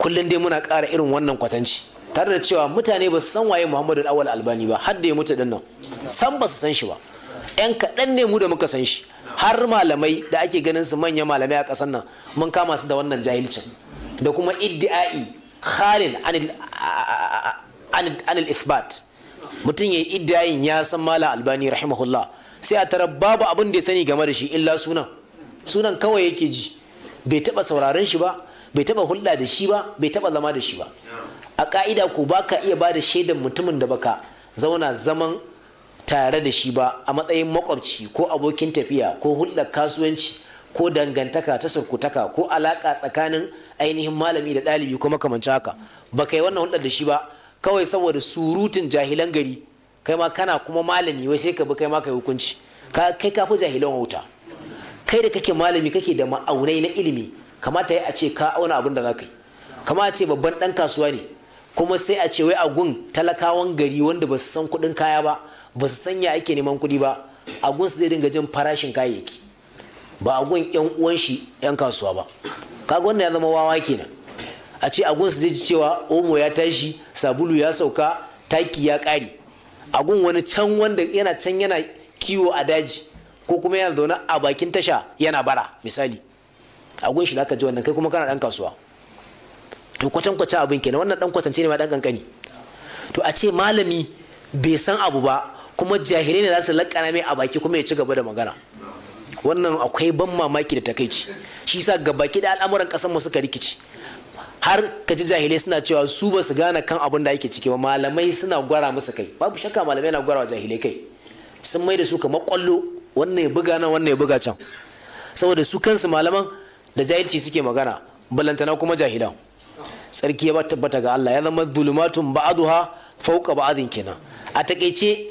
kullum dai muna ƙara irin wannan kwatanci tare da cewa mutane ba su san waye muhammadu al'awal albani ba har da ya mutu nan. san ba su san shi ba yan kaɗan ne mu da muka san shi har malamai da ake ganin su manyan malamai a ƙasar nan mun kama su da wannan jahilcin da kuma iddi'ai khalil anil isbat mutum ya yi iddiyayin ya san mala albani rahimahullah sai a tara babu abin da ya sani game da shi illa sunan sunan kawai yake ji bai taɓa sauraron shi ba bai taba hulɗa da shi ba bai taba zama da shi ba a ka'ida ko ba ka iya ba da shaidan mutumin da baka zauna zaman tare da shi ba a matsayin makwabci ko abokin tafiya ko hulɗar kasuwanci ko dangantaka ta surkutaka ko alaƙa tsakanin ainihin malami da ɗalibi ko makamancin haka ba yi wannan hulɗar da shi ba kawai saboda surutun jahilan gari kai ma kana kuma malami wai sai ka bi kai ma kai hukunci kai ka fi jahilan wuta kai da kake malami kake da ma'aunai na ilimi kamata ya a ce ka auna abin da zaka yi kamata ce babban dan kasuwa ne kuma sai a ce wai a gun talakawan gari wanda ba su san kuɗin kaya ba ba su san ya ake neman kuɗi ba a gun su zai dinga jin farashin kayayyaki ba a gun yan uwan shi yan kasuwa ba kaga wannan ya zama wawa kenan a ce a gun su zai ji cewa omo ya tashi sabulu ya sauka taki ya kare a gun wani can wanda yana can yana kiwo a daji ko kuma yana zaune a bakin tasha yana bara misali a gun shi zaka ji wannan kai kuma kana dan kasuwa to kwatan kwata abin kenan wannan dan kwatance ne ma dan kankani to a ce malami bai san abu ba kuma jahilai ne za su lakana mai a baki kuma ya ci gaba da magana wannan akwai ban mamaki da takaici shi sa gabaki da al'amuran kasan mu suka rikici har ka ji jahilai suna cewa su ba su gane kan abin da ake ciki ba malamai suna gwara musu kai babu shakka malamai na gwara jahilai kai sun mai da su kamar kwallo wannan ya buga nan wannan ya buga can saboda su kansu malaman da jahilci suke magana balantana kuma jahilan sarki ya tabbata ga Allah ya zama zulumatun ba'aduha fauka ba'adin kenan a takaice